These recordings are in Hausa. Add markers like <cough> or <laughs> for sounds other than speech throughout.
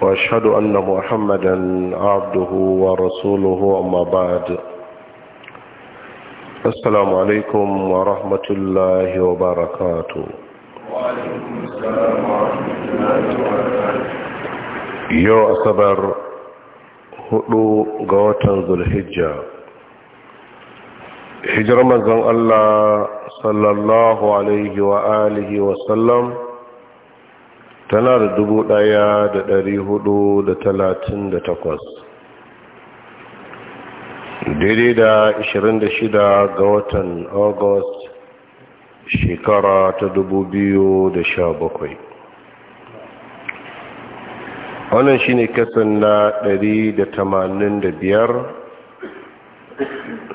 واشهد ان محمدا عبده ورسوله اما بعد السلام عليكم ورحمه الله وبركاته وعليكم السلام ورحمه الله وبركاته يو اصبر هدو غوتن ذو الحجه هجر من الله صلى الله عليه واله وسلم tana da dubu ɗaya da dari hudu da talatin da takwas daidai da ashirin da shida ga watan august shekara ta dubu biyu da sha bakwai wannan shi ne kasan na dari da tamanin da biyar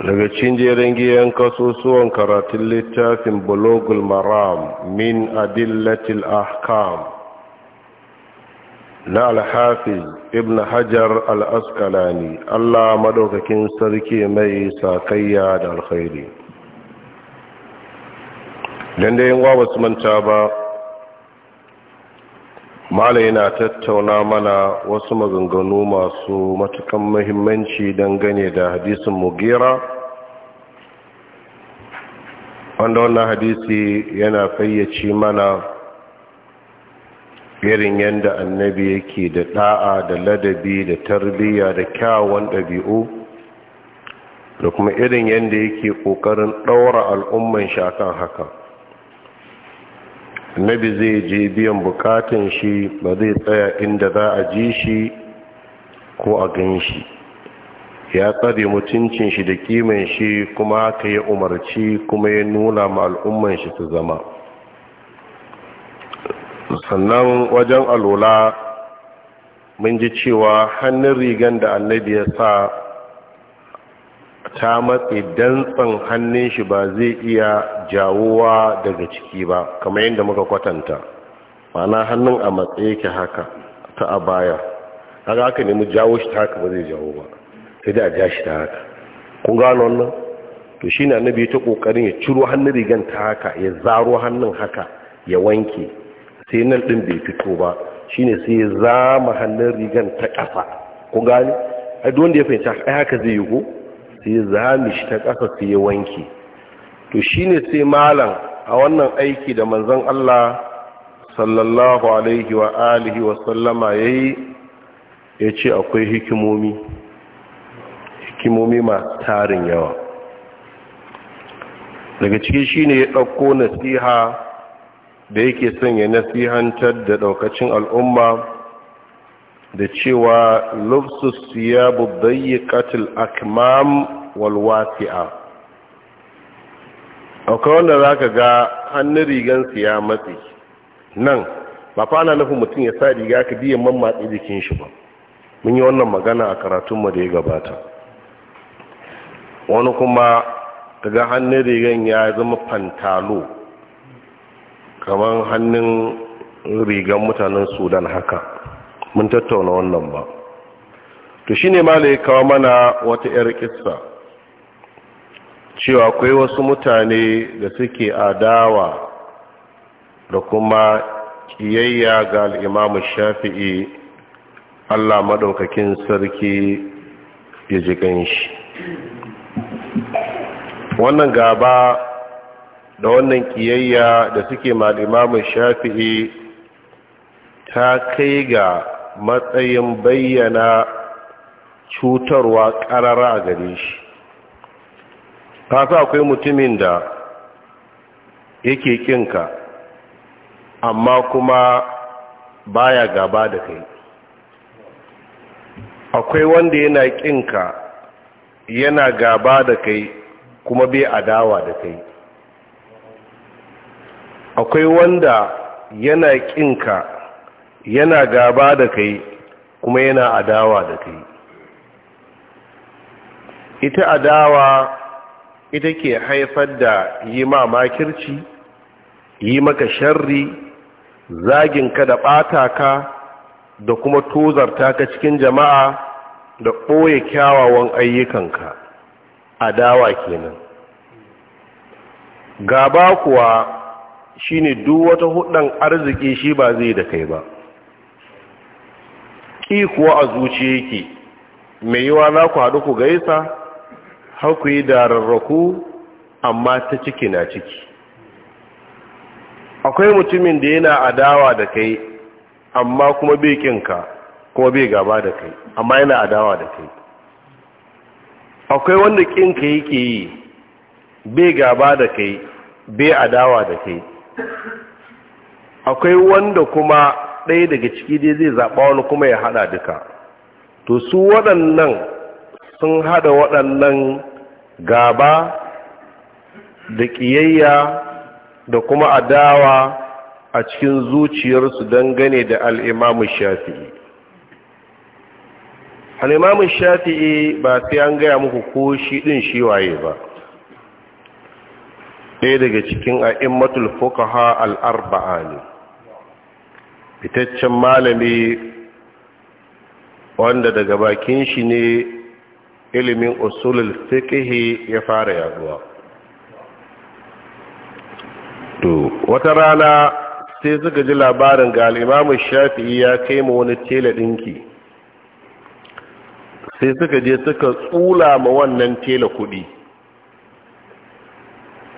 daga cinjerin giyan kasusuwan karatun littafin bologul maram min adillatil ahkam na alhafiz ibn hajar al'askalani allah madaukakin sarki mai sakayya da alkhairi don da yin wasu manta ba mala yana tattauna mana wasu maganganu masu matukan mahimmanci gane da hadisin mugira wanda wannan hadisi yana fayyace mana irin yadda annabi yake da da'a da ladabi da tarbiyya da kyawun ɗabi'u da kuma irin yadda yake ƙoƙarin ɗaura al'umman shi shakan haka annabi zai je biyan bukatun shi ba zai tsaya inda za a ji shi ko a gan shi ya tsare mutuncin shi da kimanshi kuma haka ya umarci kuma ya nuna ma al'umman shi su zama sannan wajen alola mun ji cewa hannun rigan da annabi ya sa ta matse dantsan hannun shi ba zai iya jawowa daga ciki ba kamar yadda muka kwatanta mana hannun a matse yake haka ta a baya haka haka mu jawo shi ta haka ba zai jawo ba sai da ja shi ta haka kun gano wannan to shi na annabi ta kokarin ya ciro hannun rigan ta haka ya zaro hannun haka ya wanke sai nan ɗin bai fito ba Shi ne sai za zama hannun rigan ta ƙasa ku gani a wanda ya fahimci ai haka zai yi ko sai za mu shi ta ƙasa su ya wanke to shi ne sai malam a wannan aiki da manzon Allah sallallahu alaihi wa alihi wa sallama ya ce akwai hikimomi hikimomi ma tarin yawa daga cikin ne ya dauko nasiha da yake son ya nasihantar da daukacin al'umma da cewa lufsus ya bubbayi katil akmam walwati'a akwai wanda za ka ga hannun rigansu ya matsi nan ba fana nufin mutum ya sa riga ka biyan man jikin shi ba mun yi wannan magana a karatunmu da ya gabata wani kuma daga hannun rigan ya zama fantalo kamar hannun rigar mutanen sudan haka mun tattauna wannan ba to shi shine malai kawo mana wata 'yar kissa cewa akwai wasu mutane da suke adawa da kuma kiyayya ga al'imamu shafi'i allah maɗaukakin sarki ya ji ganshi wannan gaba da wannan kiyayya da suke malimamin shafi'i ta kai ga matsayin bayyana cutarwa ƙarara a gare shi kasa akwai mutumin da yake ƙinka amma kuma baya gaba da kai akwai wanda yana ƙinka yana gaba da kai kuma bai adawa da kai akwai wanda yana ƙinka yana gaba da kai kuma yana adawa da kai ita adawa ita ke haifar da yi ma makirci yi maka sharri zaginka da ɓata ka da kuma tozarta ka cikin jama'a da ɓoye kyawawan ayyukanka adawa kenan gaba kuwa shine duk wata hudan arziki shi ba zai da kai ba ki kuwa a zuciya yake mai yiwa na ku haɗu ku gaisa har ku yi dararraku amma ta ciki na ciki akwai mutumin da yana adawa da kai amma kuma bai kinka kuma bai gaba da kai amma yana adawa da kai akwai wanda kinka yake yi bai gaba da kai bai adawa da kai akwai wanda kuma ɗaya daga ciki dai zai zaɓa wani kuma ya haɗa duka to su waɗannan sun haɗa waɗannan gaba da ƙiyayya da kuma adawa a cikin zuciyarsu dangane da al'imamu shafi'i al'imamu shafi'i ba sai an gaya muku ko shi ɗin shi waye ba ɗaya daga cikin a'immatul fuqaha alarba'a ne fitaccen malami wanda daga bakin shi ne ilimin usulul fikihi ya fara yaduwa to wata rana sai suka ji labarin ga al'imamu shafi Shafi'i ya kai ma wani tela ɗinki sai suka je suka tsula ma wannan tela kuɗi.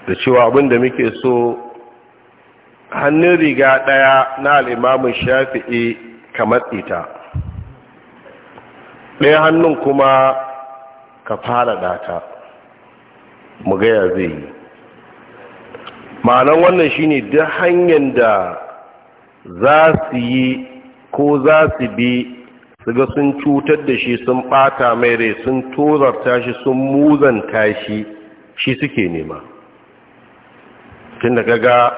da cewa abinda da muke so hannun riga ɗaya na al'imamin shafi'i ka ita, ɗaya hannun kuma ka fara ɗata mu gaya zai yi ma'anan wannan shi ne duk hanyar da za su yi ko za su bi su ga sun cutar da shi sun ɓata mai rai sun tozarta shi sun muzanta shi shi suke nema tun da gaga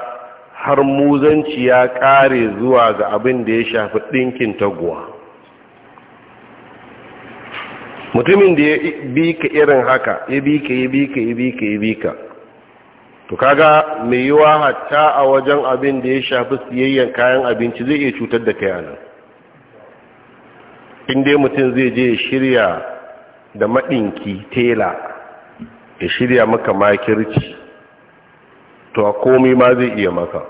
har muzanci ya kare zuwa ga abin da ya shafi ɗinkin taguwa mutumin da ya bi ka irin haka ya bi ka ya bi ka ya bi ka ya bi ka to kaga mai yiwa hatta a wajen abin da ya shafi siyayyar kayan abinci zai iya cutar da kayanan inda mutum zai je shirya da maɗinki tela ya shirya maka makirci to a komi ma zai iya maka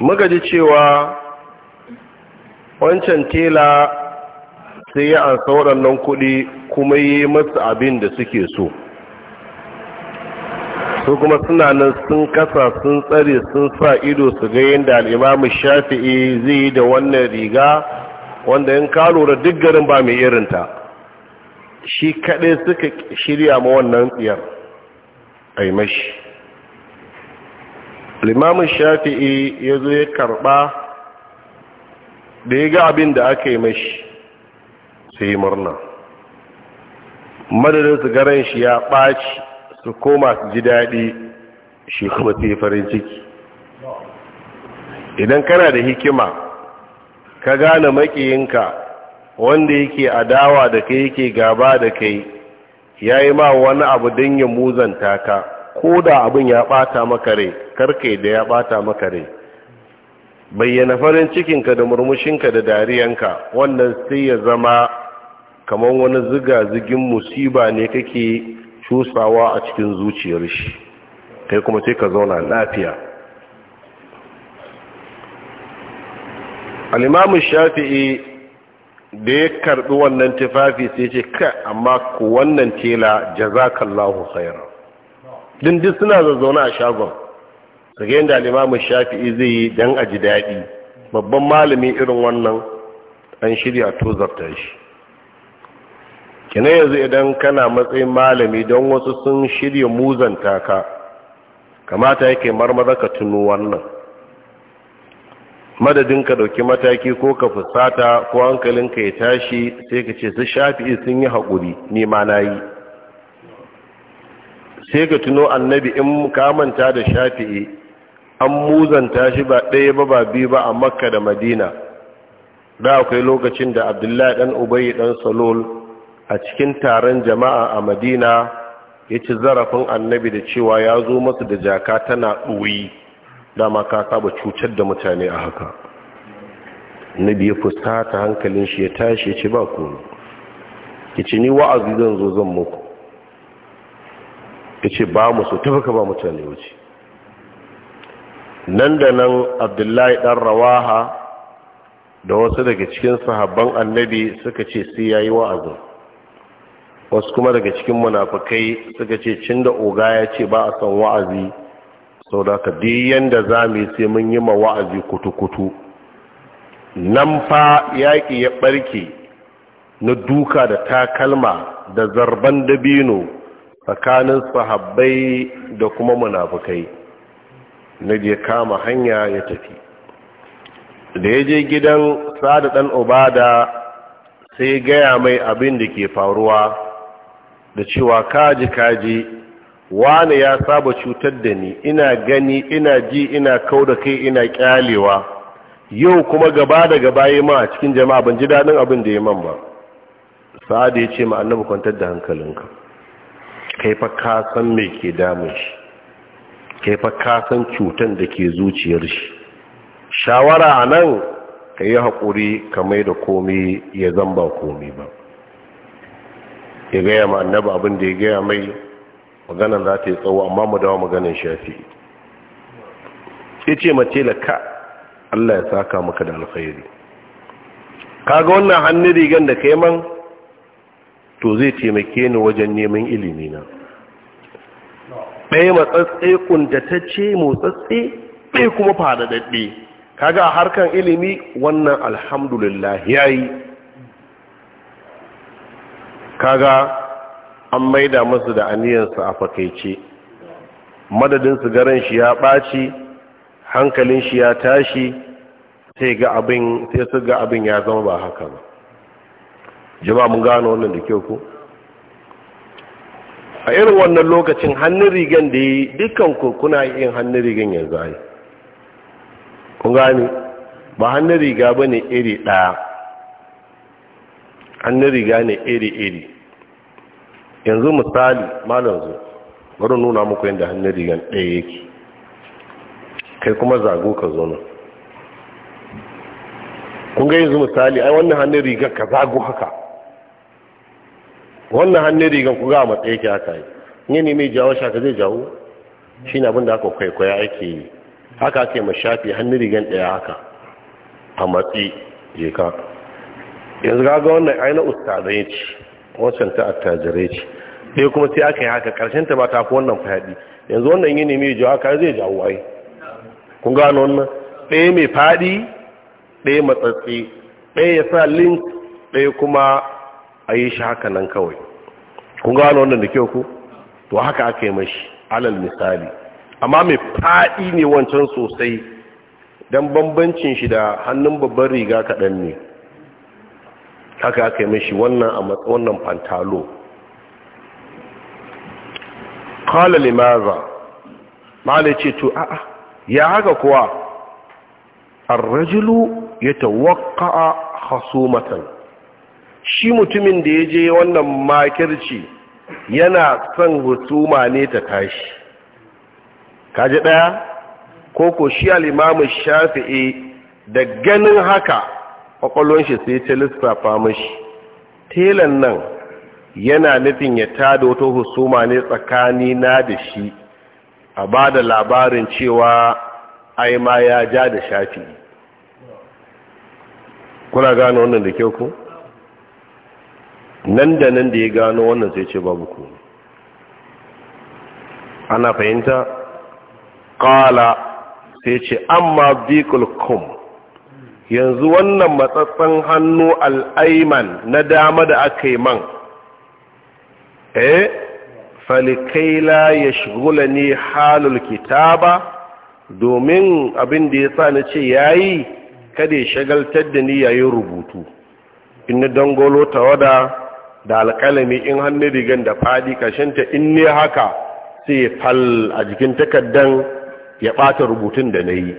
muka ji cewa wancan tela sai ya ansa waɗannan kuɗi kuma yi masu abin da suke so su kuma suna nan sun kasa sun tsare sun sa ido su ga yadda al'imamu shafi'i zai yi da wannan riga wanda yin ka da duk garin ba mai irinta shi kaɗai suka shirya ma wannan tsiyar aimashi limamin shafi'i ya zo ya karɓa da ya ga abin da aka yi mashi sai murna madadin su garan shi ya ɓaci su koma su ji daɗi shi kuma sai farin ciki idan kana da hikima ka gane makiyinka wanda yake adawa da kai yake gaba da kai ya yi ma wani abu don ya muzanta ka ko da abin ya ɓata maka rai karkai da ya bata maka rai bayyana farin cikinka da murmushinka da dariyanka wannan sai ya zama kamar wani ziga-zigin musiba ne kake cusawa a cikin zuciyar shi kai kuma sai ka zauna lafiya al'imamu shafi'i da ya karbi wannan tufafi sai ce ka amma ku wannan tela jazakallahu khairan dindin suna zazzauna a shagon daga da alimamu shafi'i zai yi don a ji daɗi babban malami irin wannan an shirya tozarta shi kina yanzu idan kana matsayin malami don wasu sun shirya muzanta ka kamata yake marmara ka tuno wannan madadin ka dauki mataki ko ka fusata ko hankalinka ya tashi sai ka ce su shafi'i sun yi haƙuri ni ma na yi sai ka tuno annabi in ka manta da shafi'i an muzanta shi ba ɗaya ba ba biyu ba a makka da madina da akwai lokacin da abdullahi ɗan ubayi ɗan salol a cikin taron jama'a a madina ya ci zarafin annabi da cewa ya zo masu da jaka tana ɗoyi dama ka saba cutar da mutane a haka annabi ya fusata hankalin shi ya tashi ya ce ba kuma ya ce ni wa'azi zan zo zan muku ya ce ba musu tafi ba mutane wuce nan da nan abdullahi ɗan rawaha da wasu daga cikin sahabban annabi suka ce sai ya yi wa'azin wasu kuma daga cikin munafukai suka ce cin da oga ya ce ba a son wa'azi sau da ka diyan da za mu yi sai mun yi ma wa'azi kutukutu. nan fa yaƙi ya ɓarke na duka da takalma da zarban dabino tsakanin sahabbai da kuma munafukai na je kama hanya ya tafi da ya je gidan sada ɗan obada sai gaya mai abin da ke faruwa da cewa kaji kaji wani ya saba cutar da ni ina gani ina ji ina kau da kai ina kyalewa yau kuma gaba da gaba yi ma a cikin jama'a ban ji daɗin abin da ya man ba sa'adu ya ce ma'annabu kwantar da hankalinka kai fa ka san me ke damun shi kai fa ka san cutan da ke zuciyar shi shawara a nan ka yi haƙuri ka mai da komi ya zamba komi ba ya gaya ma annaba abin da ya gaya mai maganan za ta yi tsawo amma mu dawa maganan shafi ya ce mace da ka Allah ya saka maka da alkhairi kaga wannan hannun rigan da kai man to zai taimake ni wajen neman ilimina ɗaya matsatse ƙuntatacce motsatse ɗaya kuma fadadadde kaga harkan ilimi wannan alhamdulillah yayi kaga an maida masu da aniyarsa a fakaice madadin sigarin shi ya ɓaci hankalin shi ya tashi sai ga abin ya zama ba haka ba jima mun gano wannan da kyau ko a irin wannan lokacin hannun rigan da yi dukkan kuna yin hannun rigan yanzu ai kun gani ba hannun riga ba ne iri ɗaya hannun riga ne iri-iri yanzu misali malam zo bari nuna muku yadda hannun rigan ɗaya yake kai kuma zago ka zo nan kun ga yanzu misali ai wannan hannun rigar ka zago haka wannan hannun rigan ku ga matsayi yake haka yi ne ne mai jawo shaka zai jawo shi na abinda aka kwaikwaya ake yi haka ake mashafi hannun rigan ɗaya haka a matsi je ka yanzu ga wannan aina ustazai ce wancan ta attajirai ce sai kuma sai aka yi haka karshen ta ba ta fi wannan faɗi yanzu wannan ne mai jawo aka zai jawo ai kun gano wannan ɗaya mai faɗi ɗaya matsatsi ɗaya ya sa link ɗaya kuma a yi shi haka nan kawai kun gano wannan da kyau ku to haka aka yi mashi alal misali amma mai faɗi ne wancan sosai don bambancin shi da hannun babban riga kaɗan ne haka aka yi mashi wannan a wannan pantalo kala limaza ma'ala ce to a'a ya haka kuwa arrajulu ya tawakka hasumatan shi mutumin da ya je wannan makirci yana son husuma ne ta tashi kaji ɗaya ko ko shi alimamu shafi'i da ganin haka ƙwaƙwalon shi sai ta lissafa mashi telan nan yana nufin ya da wata husuma ne tsakani na da shi a ba da labarin cewa ai ma ya ja da shafi'i kuna gano wannan da kyau ku? nan da nan da ya gano wannan sai ce babu ku ana fahimta ƙala sai ce amma bikul kum yanzu wannan matsatsan hannu al'aiman na dama da aka yi man eh falikaila ya shigula ne halul kitaba domin abin da ya sa na ce ya yi kada ya shagaltar da ni yayin rubutu in dangolo tawada da alƙalami in hannu rigan da fadi ta in ne haka sai fal a jikin takardan ya ɓata rubutun da na yi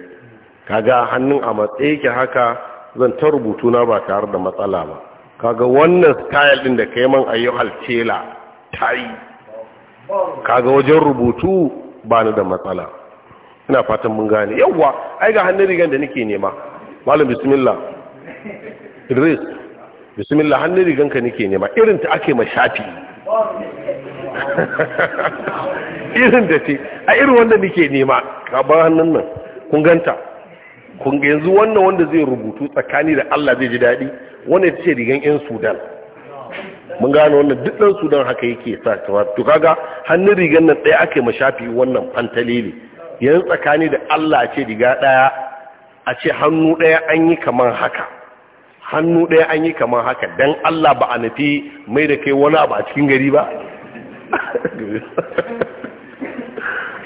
kaga hannun a matsayi ke haka zan ta rubutu na ba tare da matsala ba kaga wannan style ɗin da ka yi man tela ta yi kaga wajen rubutu ba ni da matsala ina fatan mun gane yawwa ai ga hannun rigan da nake nema malam bismillah idris bismillah hannun riganka nike nema irin ta ake ma shafi irin da ce a irin wanda nike nema kaban hannun nan kun ganta kun yanzu wannan wanda zai rubutu tsakani da Allah zai ji daɗi wanda ce rigan 'yan sudan mun gano wannan duk ɗan sudan haka yake sa to kaga hannun rigan nan ɗaya ake ma shafi wannan fantalele yanzu tsakani da Allah ce riga ɗaya a ce hannu ɗaya an yi kamar haka hannu ɗaya an yi kamar haka don Allah ba a nufi mai da kai wani abu a cikin gari ba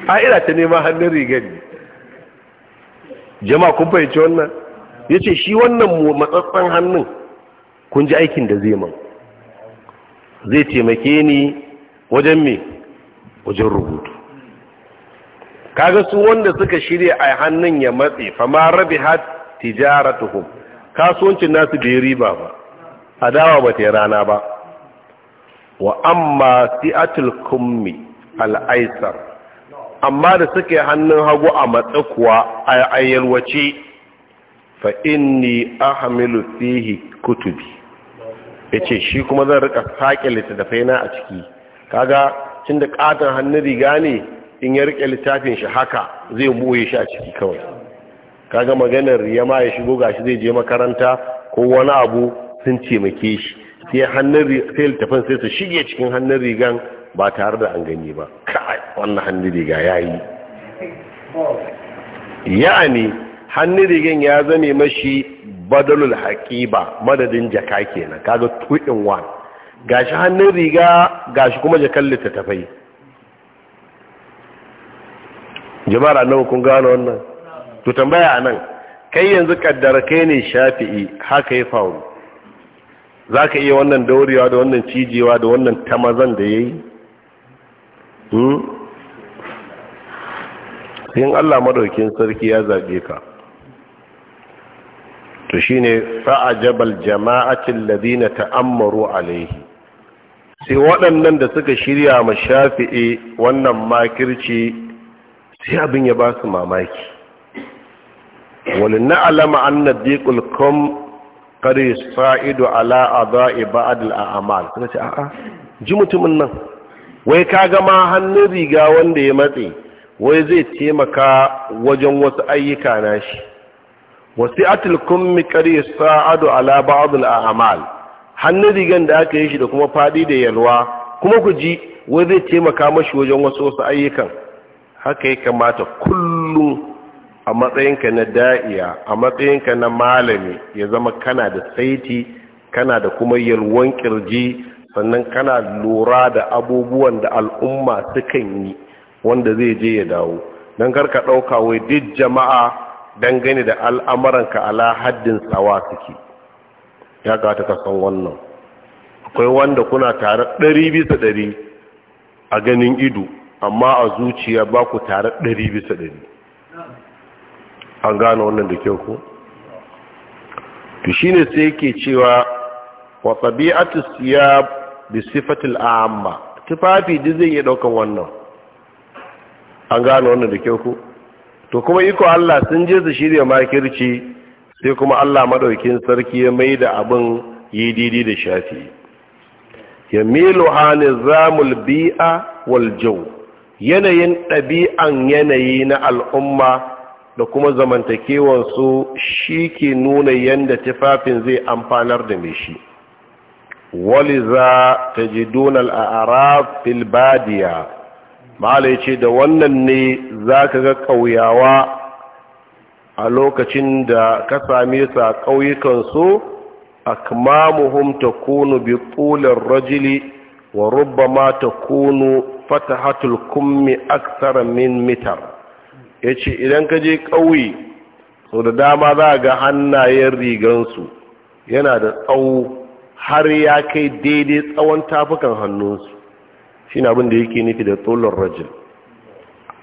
<laughs> a ina ta nema hannun rigari jama'a kun fahimci wannan ya ce shi wannan matsatsan hannun kun ji aikin da zai man zai taimake ni wajen mai wajen rubutu kaga su wanda suka shirya a hannun ya matse fama rabi hat tijaratuhum kasuwancin nasu bai riba ba adawa ba ta rana ba wa amma si'atul kummi al'aisar amma da suke hannun hagu a matsakuwa a yalwace fa inni ahmilu fihi kutubi yace shi kuma zan rika sake littafai na a ciki kaga tunda katon hannun riga ne in ya rike littafin shi haka zai buye shi a ciki kawai kaga maganar riya ma ya shigo gashi zai je makaranta ko wani abu sun taimake shi sai hannun sai littafin sai su shige cikin hannun rigan ba tare da an gani ba kai wannan hannun riga yayi yani hannun rigan ya zame mashi badalul haqiba madadin jaka kenan kaga two in one gashi hannun riga gashi kuma jakan littattafai jama'a annabi kun gano wannan to tambaya anan kai yanzu kaddara kai ne shafi'i haka ya faru za ka iya wannan daurewa da wannan cijewa da wannan tamazan da ya yi yin hmm? allah madaukin sarki ya zaɓe ka to shi ne fa'ajabal jama'acin ladina ta'ammaru alaihi sai waɗannan da suka shirya ma shafi'i wannan makirci sai abin ya ba su mamaki wani na'alama an na dikul kom kare sa'idu ala a za'i ba'adil a amal suna ce a'a ji mutumin nan wai ka gama hannun riga wanda ya matse wai zai taimaka wajen wasu ayyuka na shi wasu atilkun mikari sa'adu ala ba'adul a amal hannun rigan da aka yi shi da kuma faɗi da yalwa kuma ku ji wai zai taimaka mashi wajen wasu wasu ayyukan haka ya kamata kullum a matsayinka na da'iya a matsayinka na malami ya zama kana da saiti kana da kuma yalwan kirji sannan kana lura da abubuwan da al'umma sukan yi wanda zai je ya dawo don karka ɗauka wai duk jama'a don dangane da al'amuranka ala haddin tsawa suke ya gata ka san wannan akwai wanda kuna tare ɗari bisa ɗari a ganin ido amma a zuciya ba ku tare ɗari bisa ɗari an gano wannan da kyau ko to shine sai yake cewa wa tabi'atu siyab bi sifatil amma tufafi duk zai iya wannan an gano wannan da kyau ko to kuma iko Allah sun je su shirya makirci sai kuma Allah madaukin sarki ya mai da abin yi didi da shafi ya milu zamul bi'a wal jau yanayin ɗabi'an yanayi na al'umma da kuma zamantakewansu shi ke nuna yadda tufafin zai amfanar da mai shi waliza ta ji donal a arab filbadiya ma'ala ce da wannan ne za ka ga ƙauyawa a lokacin da ka same su a ƙauyukansu akmamuhum ta kunu bi ƙulin rajili wa rubba ma ta kunu fatahatul kummi aksara min mitar ya ce idan ka je ƙauye sau da dama za ga hannayen rigansu yana da tsawo har ya kai daidai tsawon tafukan hannunsu shi na abin da yake nufi da tsolon rajin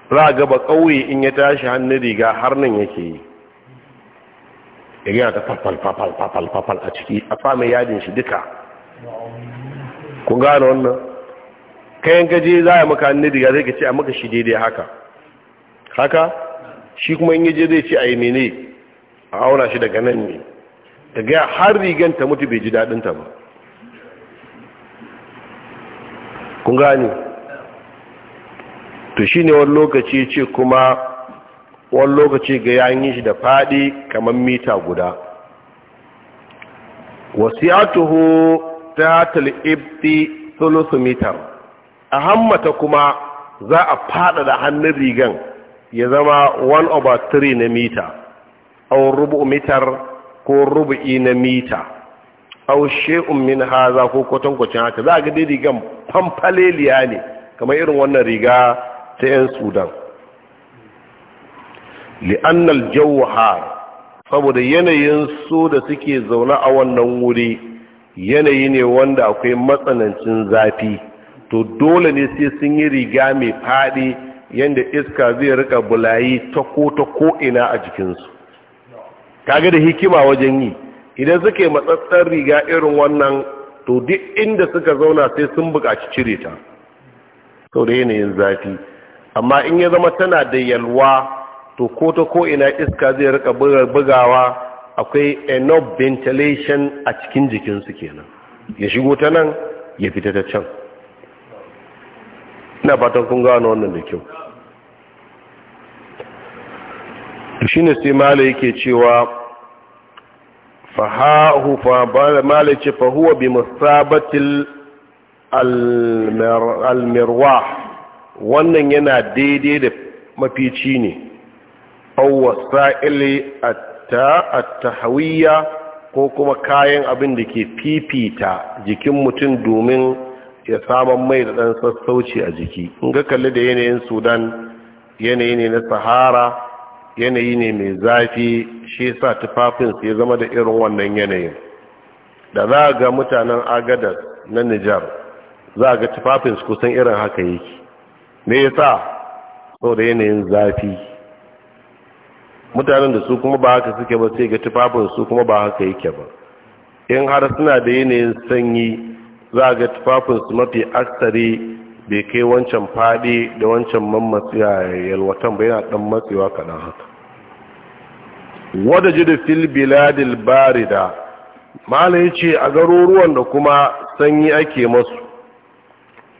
za a gaba ƙauye in ya tashi hannun riga har nan yake yi yana ta fafal-fafal-fafal a ciki a samun yadin shi duka ku gane wannan kayan gaji za a maka hannun riga zai ka ce a maka shi daidai haka haka shi kuma in yaje zai ce a yi mene a auna shi daga nan ne daga ya har rigan ta mutu bai ji daɗinta ba kun gani to shi ne wani lokaci ce kuma wani lokaci ga yayin shi da faɗi kamar mita guda tuho ta talibti thuluth mitar a hammata kuma za a fada da hannun rigan ya zama 1 over 3 na mita au rubu mitar ko rubu'i na mita au she'un min haza ko kwatankwacin haka za a ga rigan fanfaleliya ne kamar irin wannan riga ta 'yan sudan li'annal jawahar saboda yanayin su da suke zaune a wannan wuri yanayi ne wanda akwai matsanancin zafi to dole ne sai sun yi riga mai faɗi yadda iska zai rika bulayi ta ko ta ko a jikinsu kaga da hikima wajen yi idan suke matsatsar riga irin wannan to duk inda suka zauna sai sun buƙaci cire ta sau da yanayin zafi amma in ya zama tana da yalwa to ko ta ko iska zai rika bugawa akwai enough ventilation a cikin jikinsu kenan ya shigo ta nan ya fita ta can ina fatan kun gano wannan da kyau to shine sai mala yake cewa fa fa mala ce fa huwa bi musabatil wannan yana daidai da mafici ne aw wasa'ili a tahawiyya ko kuma kayan abin da ke fifita jikin mutum domin ya saman mai da ɗan sassauci a jiki in ga kalli da yanayin sudan yanayi ne na sahara yanayi ne mai zafi shi sa tufafin su ya zama da irin wannan yanayin da za ga mutanen agadar na nijar za ga tufafin su kusan irin haka yake me yasa saboda yanayin zafi mutanen da su kuma ba haka suke ba sai ga tufafin su kuma ba haka yake ba in har suna da yanayin sanyi za ga tufafin su mafi aksari bai kai wancan faɗi da wancan mammatsiya yalwatan bai yana ɗan matsewa kaɗan haka wadda ji da fil biladil barida mala ya ce a garuruwan da kuma sanyi ake masu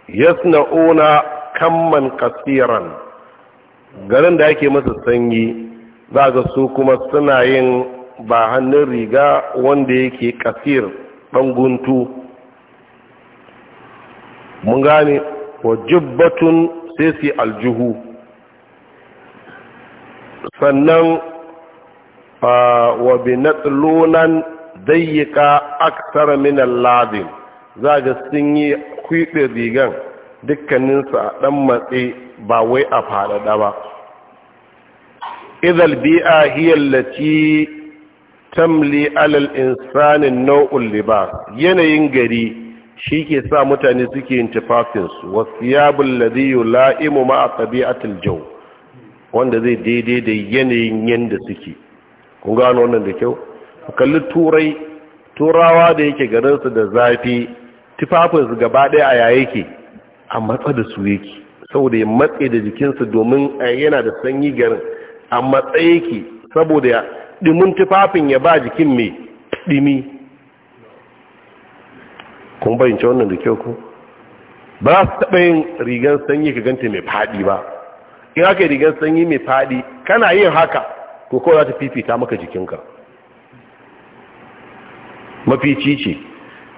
yasna'una kamman kasiran garin da ake masa sanyi za ga su kuma suna yin ba hannun riga wanda yake kasir ɗan guntu mun gane wa jubbatun sai su aljuhu sannan wa bi natsulonan dayyika aksar minan ladin za ga sun yi kwiɓe rigan dukkaninsu a ɗan matse ba wai a faɗaɗa ba idal bi'a hiyallaci tamli alal insanin nau'ul libas yanayin gari shi ke sa mutane suke yin tufafinsu wasu yabin ladiyo la'imu ma a tabi'atul jau wanda zai daidai da yanayin yanda suke kun gano wannan da kyau kalli turai turawa da yake garinsu da zafi tufafins gaba ɗaya a yayi ke a matsa da su yake saboda ya matse da jikinsu domin a yana da sanyi garin a matsa yake saboda ya ɗimin tufafin ya ba jikin mai ɗimi kun bayyance wannan da kyau ku ba za su taɓa yin rigar sanyi ka ganta mai faɗi ba in yi rigar sanyi mai faɗi kana yin haka ko kawai za ta fifita maka jikinka mafici ce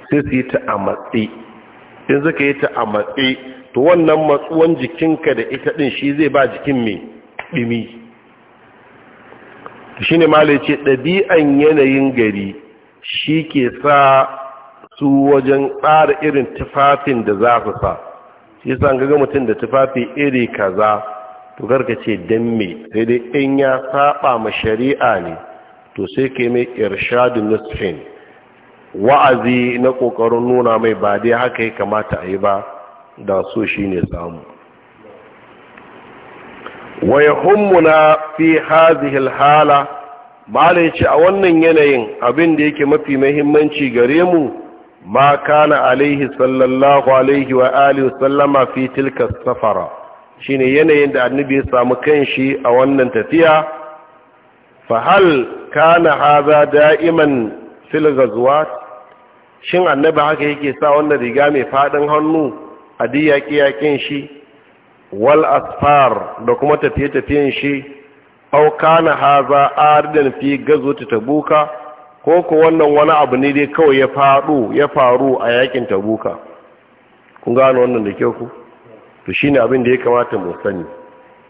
sai su yi ta a matsi in suka yi ta a matsi to wannan matsuwan jikinka da ita ɗin shi zai ba jikin mai ɗimi shi ne malai ce ɗabi'an yanayin gari shi ke sa su wajen tsara irin tufafin da za su sa shi sa an ga mutum da tufafi iri kaza to karka ce don me sai dai in ya saba ma shari'a ne to sai ke mai irshadu nusfin wa'azi na ƙoƙarin nuna mai ba dai haka ya kamata a yi ba da so shi ne samu wa na fi hadhihi alhala malai ce a wannan yanayin abin da yake mafi muhimmanci gare mu ma kana alaihi sallallahu alaihi wa alihi sallama fi tilka safara shine yanayin da annabi ya samu kan shi a wannan tafiya fa hal kana hadha da'iman fil ghazwat annabi haka yake sa wannan riga mai fadin hannu a diyaki shi wal asfar da kuma tafiye-tafiyen shi au kana hadha ardan fi ghazwat tabuka ko ko wannan wani abu ne dai kawai ya faru ya faru a yakin tabuka kun gano wannan da kyau ku to shine abin da ya kamata mu sani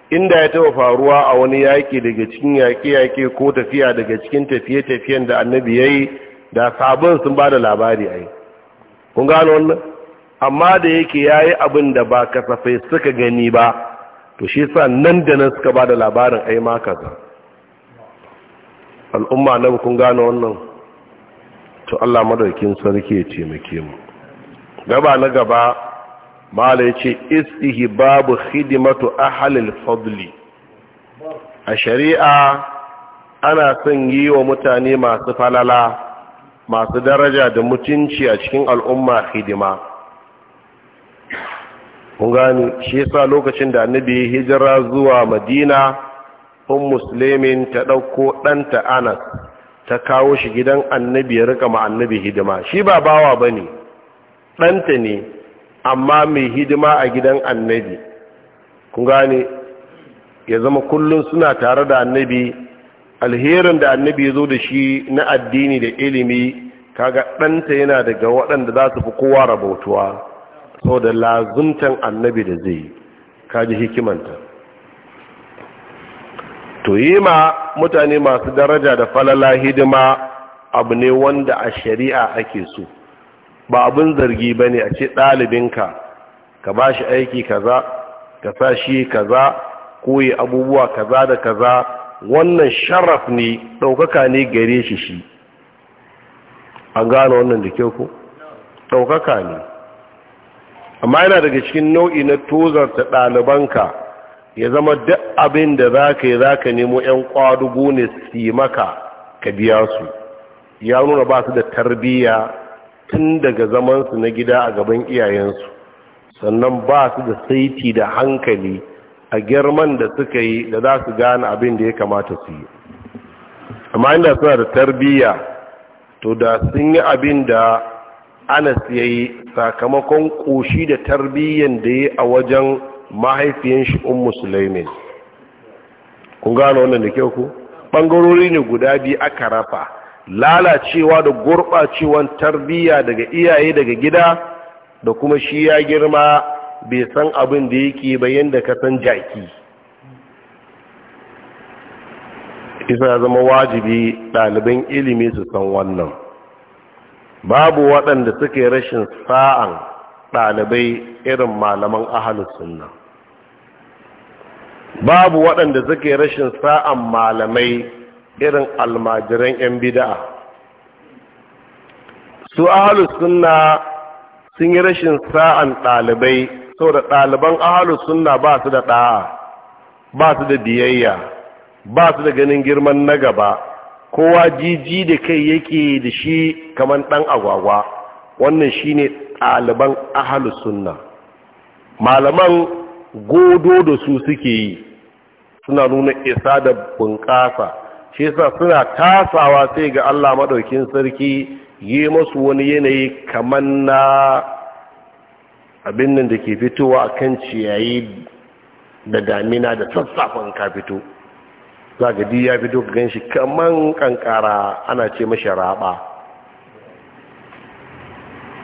inda ya taba faruwa a wani yaki daga cikin yaki-yaki ko tafiya daga cikin tafiye-tafiyen da annabi yayi da sabon sun bada labari ai kun gano wannan amma da yake yayi abin da ba kasafai suka gani ba to shi sa nan da nan suka bada labarin ai ma kaza al'umma na kun gano wannan to Allah madaukin sarki ya taimake mu gaba na gaba mala yace istihbabu khidmatu ahlil fadli a shari'a ana son yi wa mutane masu falala masu daraja da mutunci a cikin al'umma hidima kun gani shi yasa lokacin da annabi hijira zuwa madina un musulmin ta ɗauko ɗanta anas ta kawo shi gidan annabi ya rika ma annabi hidima shi ba bawa ba ne ɗanta ne amma mai hidima a gidan annabi kun gane ya zama kullum suna tare da annabi alherin da annabi ya zo da shi na addini da ilimi kaga ɗanta yana daga waɗanda za su fi kowa rabautuwa sau da lazumtan annabi da zai kaji hikimanta to yi ma mutane masu daraja da falala hidima abu ne wanda a shari'a ake so ba abin zargi ba ne a ce ɗalibinka ka ba shi aiki kaza ka sa shi kaza koyi abubuwa kaza da kaza wannan sharaf ne ɗaukaka ne gare shi shi an gane wannan da kyau ku ɗaukaka ne amma yana daga cikin nau'i na tozarta ɗalibanka ya zama duk abin da za ka yi za ka nemo 'yan kwadugu ne su maka ka biya su ya nuna ba su da tarbiyya tun daga zamansu na gida a gaban iyayensu sannan ba su da saiti da hankali a girman da suka yi da za su gane abin da ya kamata su yi amma inda suna da tarbiyya to da sun yi abin da ana ya sakamakon ƙoshi da tarbiyyan da ya yi a wajen mahaifiyan shi musulmi ne. kun gano wannan da kyau ku bangarori ne guda biyu aka rafa lalacewa da gurɓacewan tarbiyya daga iyaye daga gida da kuma shi ya girma bai san abin da yake ba yanda ka san jaki isa zama wajibi ɗaliban ilimi su san wannan babu waɗanda suke rashin sa'an ɗalibai irin malaman ahalus sunna babu waɗanda suke rashin sa'an malamai irin almajiran 'yan bida'a su ahalus suna sun yi rashin sa'an ɗalibai saboda ɗaliban ahalus sunna ba su da ɗa'a ba su da biyayya ba su da ganin girman na gaba kowa jiji da kai yake da shi kamar ɗan agwagwa wannan shi ne ɗaliban ahalus sunna malaman godo da su suke yi suna nuna isa da bunƙasa shi yasa suna tasawa sai ga Allah madaukin sarki yi masu wani yanayi kamar na abin nan da ke fitowa a kan ciyayi da damina da sassafen ka fito za ga ya fito ka gan shi kamar kankara ana ce mashi raba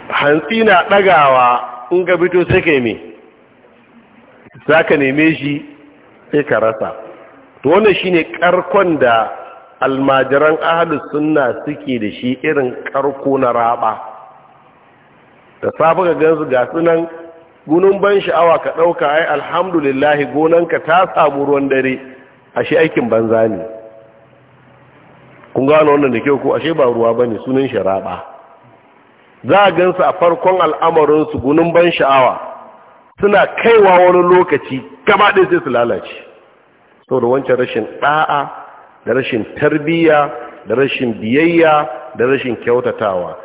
hantsi na ɗagawa in ga fito sai kai mai za ka neme shi sai ka rasa to wannan shine ƙarkon da almajiran ahalus sunna suke da shi irin ƙarko na raba da safi ga gansu ga sunan gunun ban sha'awa ka ɗauka ai alhamdulillahi gonanka ta samu ruwan dare ashe aikin banza ne kun gano wannan da kyau ko ashe ba ruwa ba ne sunan shi raba za a gansu a farkon al'amarinsu gunun ban sha'awa suna kaiwa wani lokaci gaba ɗaya sai su lalace saboda wancan rashin ɗa'a da rashin tarbiyya da rashin biyayya da rashin kyautatawa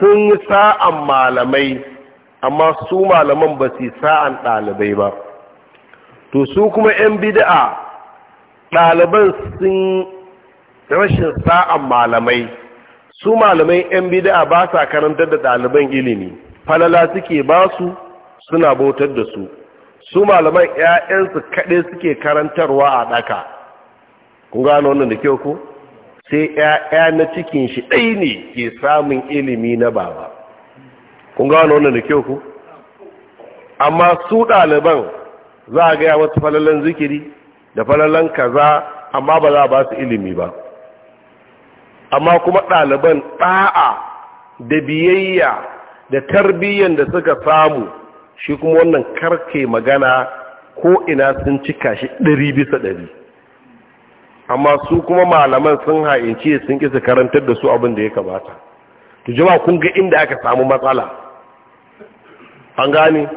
sun yi sa'an malamai amma su malaman ba su sa'an ɗalibai ba to su kuma 'yan bida'a ɗaliban sun rashin sa'an malamai su malamai 'yan bida'a ba sa karantar da ɗaliban ilimi falala suke ba su suna bautar da su su malaman ƴaƴansu kaɗai suke karantarwa a ɗaka kun gano wannan da kyau ko sai ƴaƴa na cikin shi ɗai ne ke samun ilimi na baba kun gano wannan da kyau ko amma su ɗaliban za a gaya wasu falalan zikiri da falalan kaza amma ba za a ba su ilimi ba amma kuma ɗaliban ɗa'a da biyayya da tarbiyyar da suka samu shi kuma wannan karke magana ko ina sun cika shi ɗari bisa ɗari amma su kuma malaman sun ha'inci sun kisa karantar da su abin da ya kamata to jima kun ga inda aka samu matsala an gane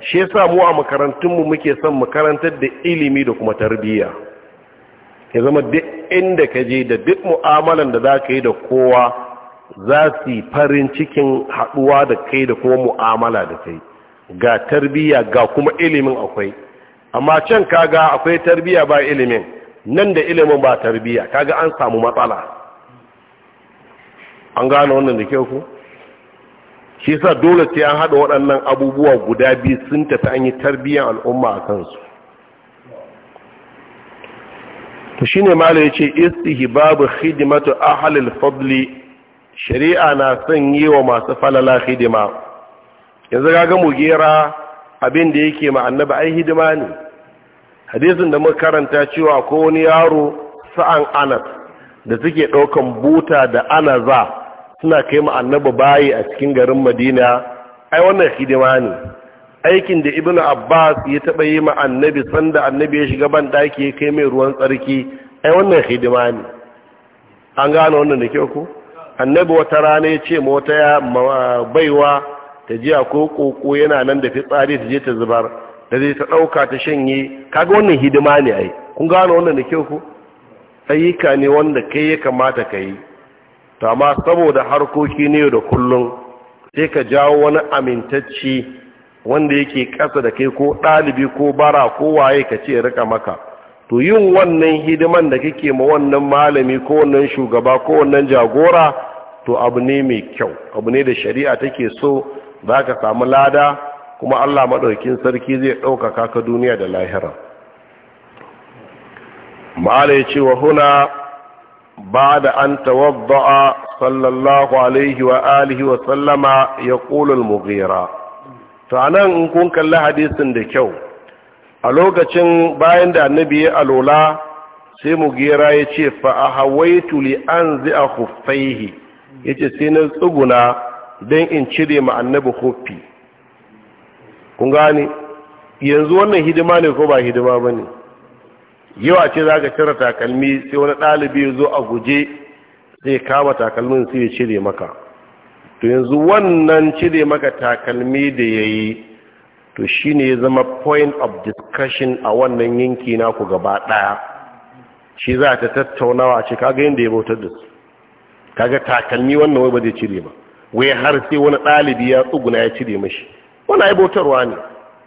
shi yasa mu a makarantunmu muke son makarantar da ilimi da kuma tarbiyya ya zama duk inda ka je da duk mu'amalan da za ka yi da kowa za su yi farin cikin haɗuwa da kai da kuma mu'amala da kai ga tarbiyya ga kuma ilimin akwai amma can kaga akwai tarbiyya ba ilimin nan da ilimin ba tarbiyya kaga an samu matsala an gano wannan da kyau ku shi sa dole sai an haɗa waɗannan abubuwa guda biyu sun tafi an yi tarbiyyar al'umma a kansu to shine mala yace istihbabu khidmatu ahlil fadli shari'a na son yi wa masu falala hidima yanzu ga mugera abin da yake ma ai hidima ne hadisin da muka karanta cewa ko wani yaro sa'an anas da suke ɗaukan buta da anaza suna kai ma annabi bayi a cikin garin madina ai wannan hidima ne aikin da ibnu abbas ya taɓa yi ma annabi sanda annabi ya shiga ban ɗaki ya kai mai ruwan tsarki ai wannan hidima ne an gane wannan da kyau ku annabi wata rana ya ce ma wata baiwa ta jiya ko koko yana nan da fitsari ta je ta zubar da zai ta ɗauka ta shanye kaga wannan hidima ne ai kun gano wannan da kyau ku? ayyuka ne wanda kai ya kamata ka yi to amma saboda harkoki ne da kullum sai ka jawo wani amintacci wanda yake ƙasa da kai ko ɗalibi ko bara ko waye ka ce rika maka to yin wannan hidiman da kake ma wannan malami ko wannan shugaba ko wannan jagora to abu ne mai kyau abu ne da shari'a take so za ka samu lada kuma allah maɗaukin sarki zai ɗaukaka ka duniya da lahira ma'ala ya ce wa huna ba da an tawadda'a sallallahu alaihi wa alihi wa sallama ya ƙulul mugira ta nan in kun kalli hadisin da kyau a lokacin bayan da annabi ya alola sai mugira ya ce fa a hawaitu li an zai a ya ce sai na tsuguna don in cire ma annabi hoffi kun gane yanzu wannan hidima ne ko ba hidima ba ne yau a ce za ka cire takalmi sai wani ɗalibi ya zo a guje sai kama takalmin sai ya cire maka to yanzu wannan cire maka takalmi da ya yi to shi ne ya zama point of discussion a wannan yanki naku gaba ɗaya shi za ta tattaunawa ce kaga yadda ya bautar da su kaga takalmi wannan wai ba zai cire ba wai har sai wani ɗalibi ya tsuguna ya cire mashi wani aibotarwa ne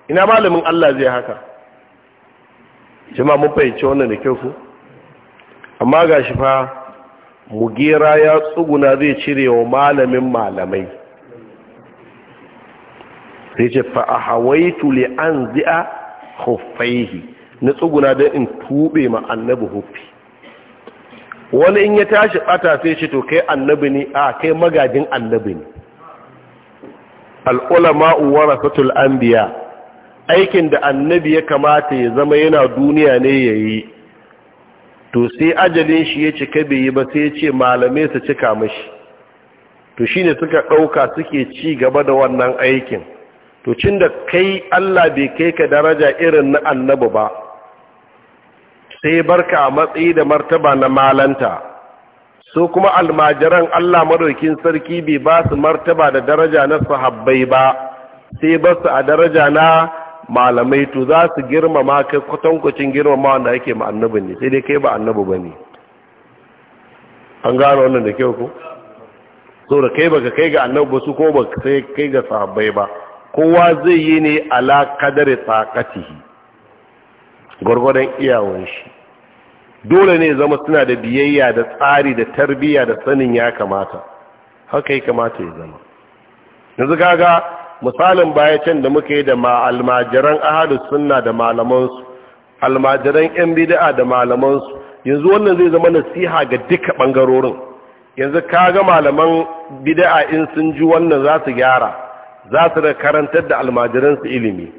ina malamin Allah zai haka jima mun fahimci wannan da kyau ku amma ga shi fa mugera ya tsuguna zai cire wa malamin malamai sai ce fa a hawaitu li an zi'a huffaihi na tsuguna don in tube ma annabi huffi wani in ya tashi bata sai shi to kai annabi ne a kai magajin annabi ne al'ulama warasatul anbiya aikin da annabi ya kamata ya zama yana duniya ne yayi to sai ajalin shi ya cika bai ba sai ya ce malamai su cika mashi to shine suka ɗauka suke ci gaba da wannan aikin to cin da kai Allah bai kai ka daraja irin na annabi ba sai barka a matsayi da martaba na malanta su kuma almajiran Allah madaukin sarki bai ba su martaba da daraja na sahabbai ba sai ba su a daraja na malamai to za su girmama kai kwatankwacin girmama wanda ake ma annabi ne sai dai kai ba annabi ba ne an gano wannan da kyau ko so da kai baka kai ga annabi ba su ko baka kai ga sahabbai ba kowa zai yi ne ala kadari tsakatihi gwargwadon iyawun shi dole ne zama suna da biyayya da tsari da tarbiyya da sanin ya kamata haka ya kamata ya zama yanzu kaga misalin baya can da muka yi da almajiran ahadus suna da malamansu almajiran yan bida'a da malamansu yanzu wannan zai zama nasiha ga duka bangarorin yanzu kaga malaman bid'a in sun ji wannan za su gyara za su da karantar da almajiransu ilimi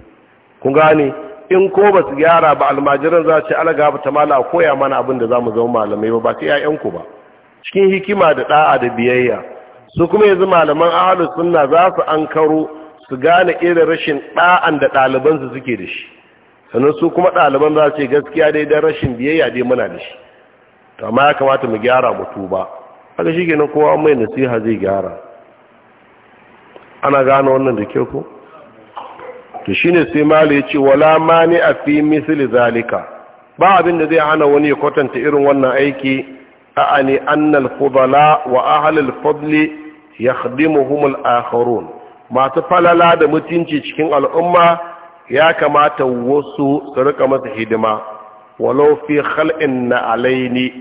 kun gane in ko ba su gyara ba almajiran za ce ala gaba ta mala koya mana abin da za mu zama malamai ba ba ta ku ba cikin hikima da da'a da biyayya su kuma yanzu malaman ahalu sunna za su an su gane irin rashin da'an da ɗaliban suke da shi sannan su kuma ɗaliban za ce gaskiya dai dan rashin biyayya dai muna da shi to amma ya kamata mu gyara mu tuba haka shi kenan kowa mai nasiha zai gyara ana gane wannan da kyau ko to shine sai malu ya ce wala mani a fi misali zalika ba abin da zai hana wani ya kwatanta irin wannan aiki a ani annal fubala wa ahalul fadli yakhdimuhum al-akharun masu falala da mutunci cikin al'umma ya kamata wasu su rika masa hidima walau fi khal'in na alaini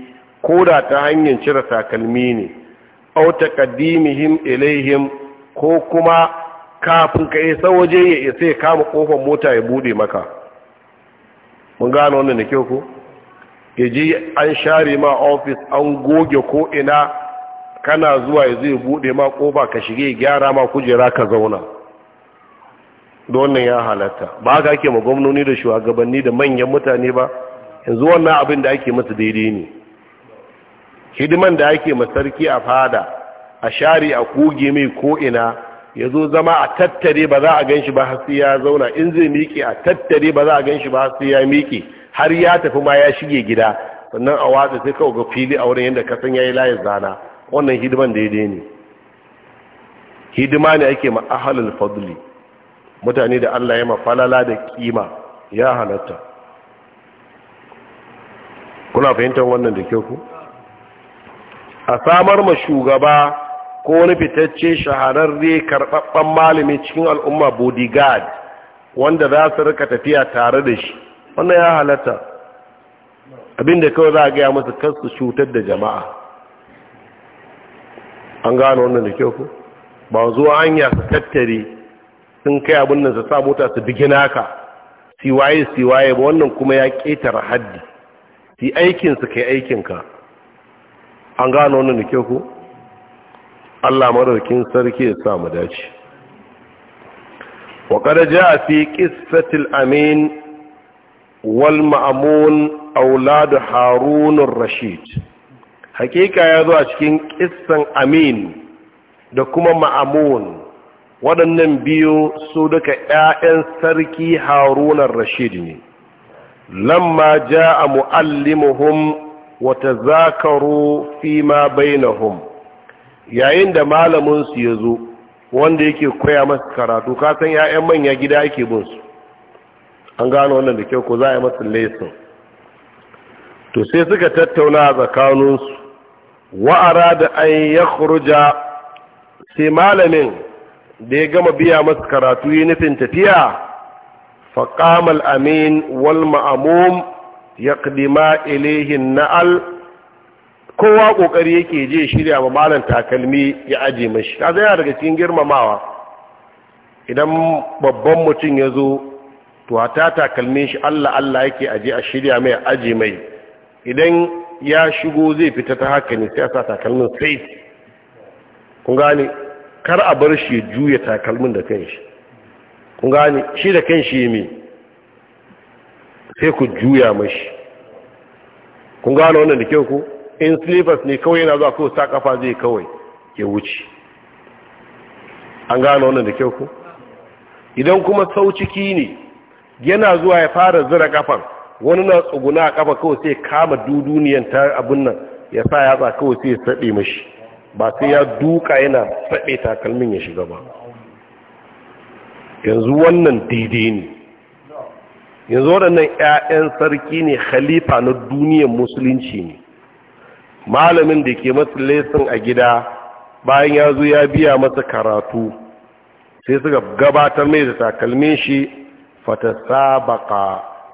ko da ta hanyar cire takalmi ne au taqdimihim ilaihim ko kuma kafin ka isa waje ya isa ya kama kofar mota ya bude maka mun gano wannan da kyau ko ya ji an share ma ofis an goge ko ina kana zuwa ya zai bude ma kofa ka shige gyara ma kujera ka zauna wannan ya halatta ba ka ake ma gwamnoni da shugabanni da manyan mutane ba yanzu wannan abin da ake masu daidai ne hidiman da ake masarki a fada a share a kuge mai ko ina ya zo zama a tattare ba za a gan shi ba har sai ya zauna in zai miƙe a tattare ba za a gan shi ba har sai ya miƙe har ya tafi ma ya shige gida sannan a watsa sai kawai ga fili a wurin yadda kasan ya yi layin zana wannan hidiman daidai ne hidima ne ake ma ahalul fadli mutane da Allah ya mafalala da kima ya halatta kuna fahimtar wannan da kyau ku a samar ma shugaba ko wani fitacce shahararre karɓaɓɓen malami cikin al'umma bodyguard wanda za su rika tafiya tare da shi wannan ya halatta abinda kawai za a gaya masa kansu cutar da jama'a an gano wannan da kyau ku ba zuwa hanya su tattare sun kai abin nan su sa mota su bigi naka siwaye siwaye ba wannan kuma ya ƙetare haddi si aikinsu kai aikinka an gano wannan da kyau ku Allah mararkin sarki ya sa mu dace Wa fi وقد wal في قصة الأمين والمأمون Rashid, haƙiƙa ya zo a cikin qissan amin da kuma ma'amun waɗannan biyu su duka ƴaƴan sarki ar rashid ne lamma jaa a mu'allimuhum wata zakaru fi ma bainahum yayin da malaminsu ya zo wanda yake koya masu karatu ka san ƴaƴan manya gida ake bin su an gano wannan da kyau ko za a yi masa lesson to sai suka tattauna a tsakaninsu wa'ara da an ya sai malamin da ya gama biya masu karatu yi nufin tafiya faƙamal amin wal ma'amum ya ƙadima ilihin na'al kowa kokari yake je shirya ma malam takalmi ya aje mashi kaza yana daga cikin girmamawa idan babban mutum ya zo to ta takalmin shi Allah Allah yake aje a shirya mai aje mai idan ya shigo zai fita ta haka ne sai a sa takalmin sai kun gane kar a bar shi juya takalmin da kanshi kun gane shi da kanshi ya mai sai ku juya mashi kun gane wannan da kyau ku in slivers ne kawai yana zuwa kawai sa kafa zai kawai ya wuce an gano wannan da kyau ku idan kuma sau ne yana zuwa ya fara zira kafan wani na tsuguna a kafa kawai sai kama duduniyan ta abin nan ya sa yatsa kawai sai ya saɓe mashi ba sai ya duka yana saɓe takalmin ya shiga ba yanzu wannan daidai ne yanzu waɗannan 'ya'yan sarki ne khalifa na duniyar musulunci ne malamin da ke masu lesin a gida bayan ya zo ya biya masa karatu sai suka gabatar mai da takalmin shi fata sabaka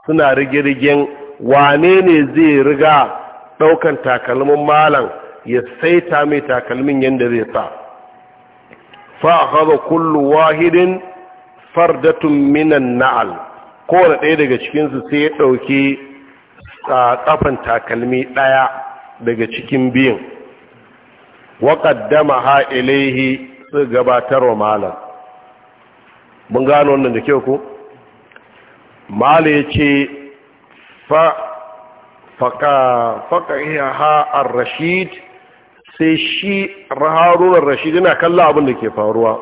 suna rigirgin wane ne zai riga ɗaukan takalmin malam ya saita mai takalmin yadda zai sa fa'ahaza kullu wahidin fardatun minan na'al kowane ɗaya daga cikinsu sai ya ɗauki tsafan takalmi ɗaya daga cikin biyun waƙaddama ha ilaihi su gabatarwa malam mun gano wannan da kyau ku malam ya ce faƙaƙiya ha ar-rashid sai shi harunan rashid yana kalla abin da ke faruwa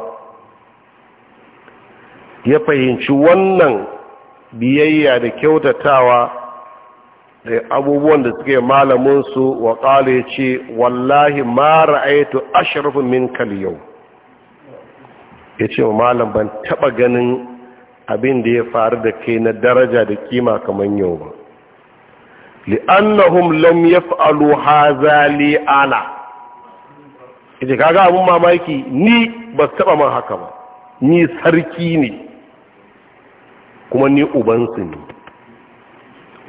ya fahimci wannan biyayya da kyautatawa da abubuwan da suke malaminsu wa ƙale ce wallahi ma ra'aitu ashrafu min kal yau ya ce wa malam ban taɓa ganin abin da ya faru da kai na daraja da kima kamar yau ba li'annahum lam yaf'alu haza li ana yace kaga abin mamaki ni ba taba man haka ba ni sarki ne kuma ni ubansu ne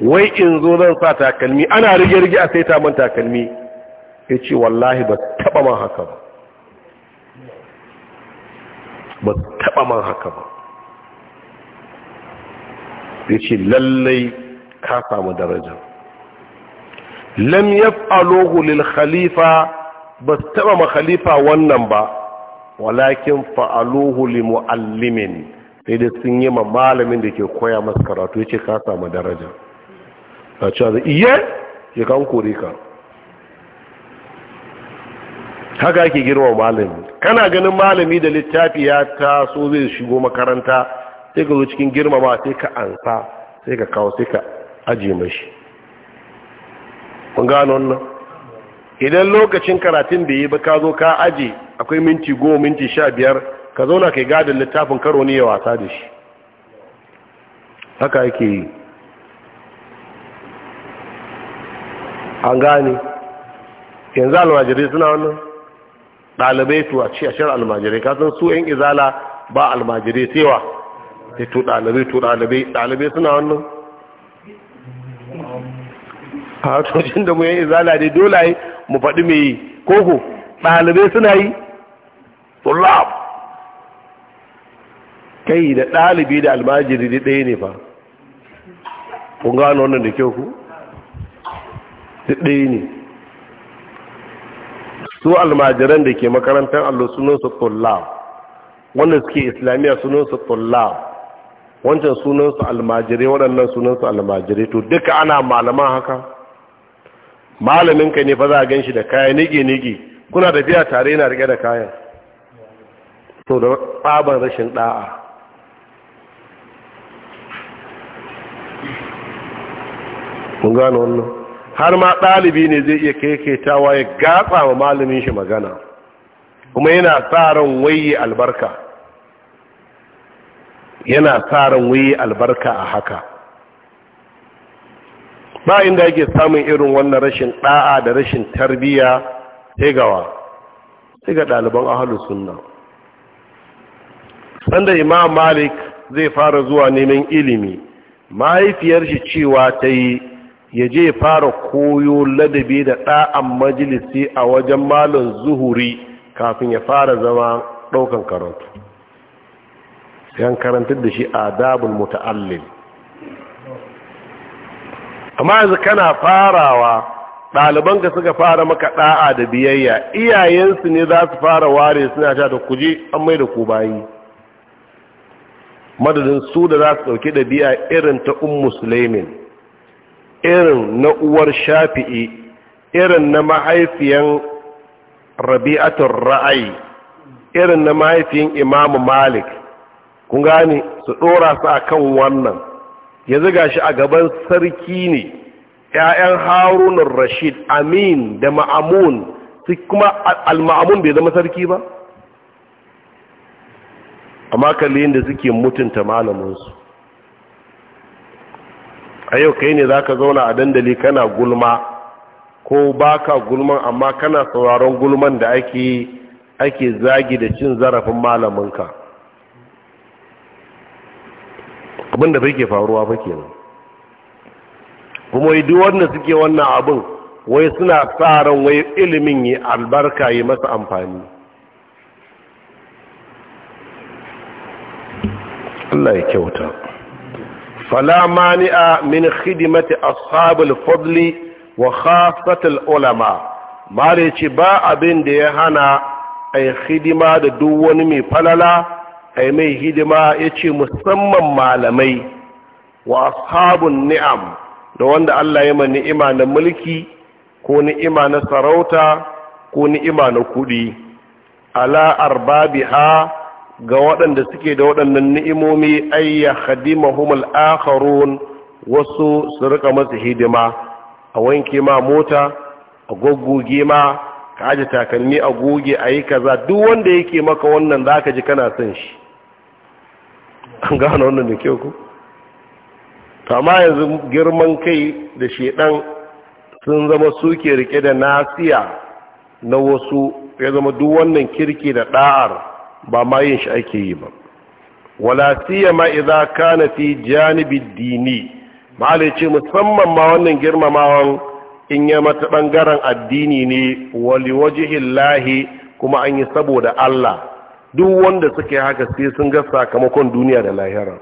wai in zo zan sa takalmi ana rige-rige a saita man takalmi ya ce wallahi ba taba man haka ba ba taba man haka ba ya ce lallai ka samu daraja lam yaf'aluhu lil khalifa ba taba ma khalifa wannan ba walakin fa'aluhu li muallimin sai da sun yi ma malamin da ke koya masu karatu ya ce ka samu daraja a cewa iya ya kawo kore ka haka ake girma malami kana ganin malami da littafi ya taso zai shigo makaranta sai ka zo cikin girmama sai ka ansa sai ka kawo sai ka ajiye mashi kun gano wannan idan lokacin karatun da yi ba ka zo ka aje akwai minti goma minti sha biyar ka zauna kai gadin littafin karo ne ya wasa da shi haka ake yi an gani yanzu almajirai suna wannan dalibai to a cikin a shirin almajirai kasan su yan izala ba almajirai sewa ya eh, to dalibai to dalibai dalibai suna wannan a hatocin da mu yan izala dai dole yi mu faɗi mai yi koko dalibai suna yi tulab kai da dalibi da almajiri ɗaya ne ba kun gano wannan da kyau ku ɗaya ne su almajiran da ke makarantar allo su tullab wanda suke islamiyya su tullab wancan sunansu almajirai waɗannan sunansu almajirai to duka ana malaman haka malamin ka ne fa za a gan shi da kaya nige-nige kuna da biya tare yana rike da kayan to da tsaban rashin ɗa'a mun gano wannan har ma ɗalibi ne zai iya kai-kai ta ya gatsa wa malamin shi magana kuma yana tsarin wayi albarka yana tsarin wayi albarka a haka ba inda yake samun irin wannan rashin ɗa'a da rashin tarbiyya sai gawa sai ga ɗaliban ahalus sunna sanda imam malik zai fara zuwa neman ilimi mahaifiyar shi cewa ta yi ya je fara koyo ladabi da ɗa'an majalisi a wajen malon zuhuri kafin ya fara zama ɗaukan karatu yan karantar da shi dabin muta'allil amma yanzu kana farawa ɗaliban ka suka fara maka ɗa'a da biyayya iyayensu ne za su fara ware suna sha da kuje an mai da ku bayi madadin su da za su ɗauki ɗabi'a irin ta um musulmin irin na uwar shafi'i irin na mahaifiyan rabi'atun ra'ayi irin na mahaifiyan imamu malik kun gane su ɗora su a kan wannan ya ziga shi a gaban sarki ne ‘ya'yan harunan rashid amin da ma'amun su kuma al bai zama sarki ba amma kalli yadda suke mutunta malaminsu a yau kai ne za ka zauna a dandali kana gulma ko baka gulman amma kana sauraron gulman da ake ake zagi da cin zarafin malaminka abinda bai ke faruwa fa nan kuma yi duk wanda suke wannan abin wai suna tsarin wai ilimin yi albarka yi masa amfani Allah ya kyauta Falamani'a mani'a min khidmati ashabul fadli wa khassatul ulama mare ce ba abin da ya hana ai hidima da duk wani mai falala ai mai hidima yace musamman malamai wa ashabun ni'am da wanda Allah ya ma ni'ima na mulki ko ni'ima na sarauta ko ni'ima na kuɗi, ala arbabiha ga waɗanda suke da waɗannan ni'imomi ayya khadimahum al-akharun wasu su rika masa hidima a wanke ma mota a goggoge ma ka aje takalmi a goge a yi kaza duk wanda yake maka wannan za ka ji kana son shi an gano wannan da kyau ku kama yanzu girman kai da shedan sun zama suke rike da nasiya na wasu ya zama duk wannan kirki da da'ar ba ma yin shi ake yi ba wala siyama idza kana fi janibi dini malai ce musamman ma wannan girmamawan in ya mata bangaren addini ne wali wajhillahi kuma an yi saboda Allah duk wanda suke haka sai sun ga sakamakon duniya da lahira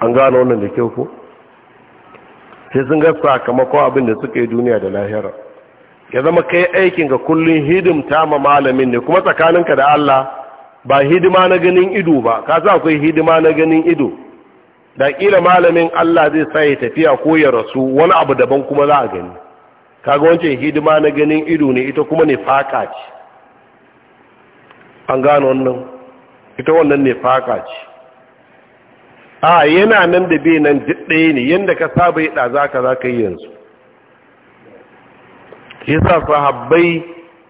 an gano wannan da kyau ko sai sun ga sakamakon abin da suke duniya da lahira ya zama kai aikin ga kullun hidimta ma malamin ne kuma tsakaninka da Allah ba hidima na ganin ido ba ka za akwai hidima na ganin ido da kila malamin Allah zai sa ya tafiya ko ya rasu wani abu daban kuma za a gani kaga wancan hidima na ganin ido ne ita kuma ne faka ce an gano wannan ita wannan ne faka ce a yana nan da bai nan duk ɗaya ne yadda ka saba yi ɗaza ka za ka yi yanzu shi sa sahabbai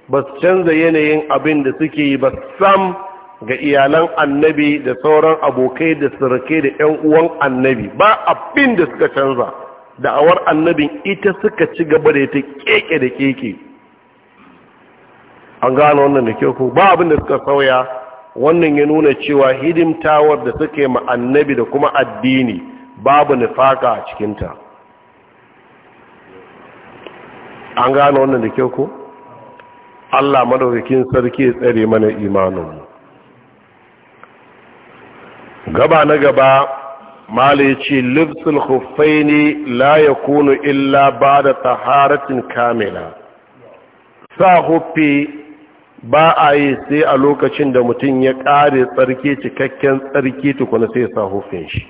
ba su canza yanayin abin da suke yi ba sam ga iyalan annabi da sauran abokai da surake da 'yan uwan annabi ba abin da suka canza da'awar annabin ita suka ci gaba da ita keke da keke an gano wannan da kyau ba abin da suka sauya wannan ya nuna cewa hidimtawar da suke ma annabi da kuma addini babu nufaka a cikinta an gano wannan da kyau ko Allah madaukakin sarki ya tsare mana imaninmu gaba na gaba mala ya ce lifsul khuffaini la yakunu illa ba'da taharatin kamila sa hufi ba a yi sai a lokacin da mutum ya kare tsarki cikakken tsarki tukuna sai sa hufin shi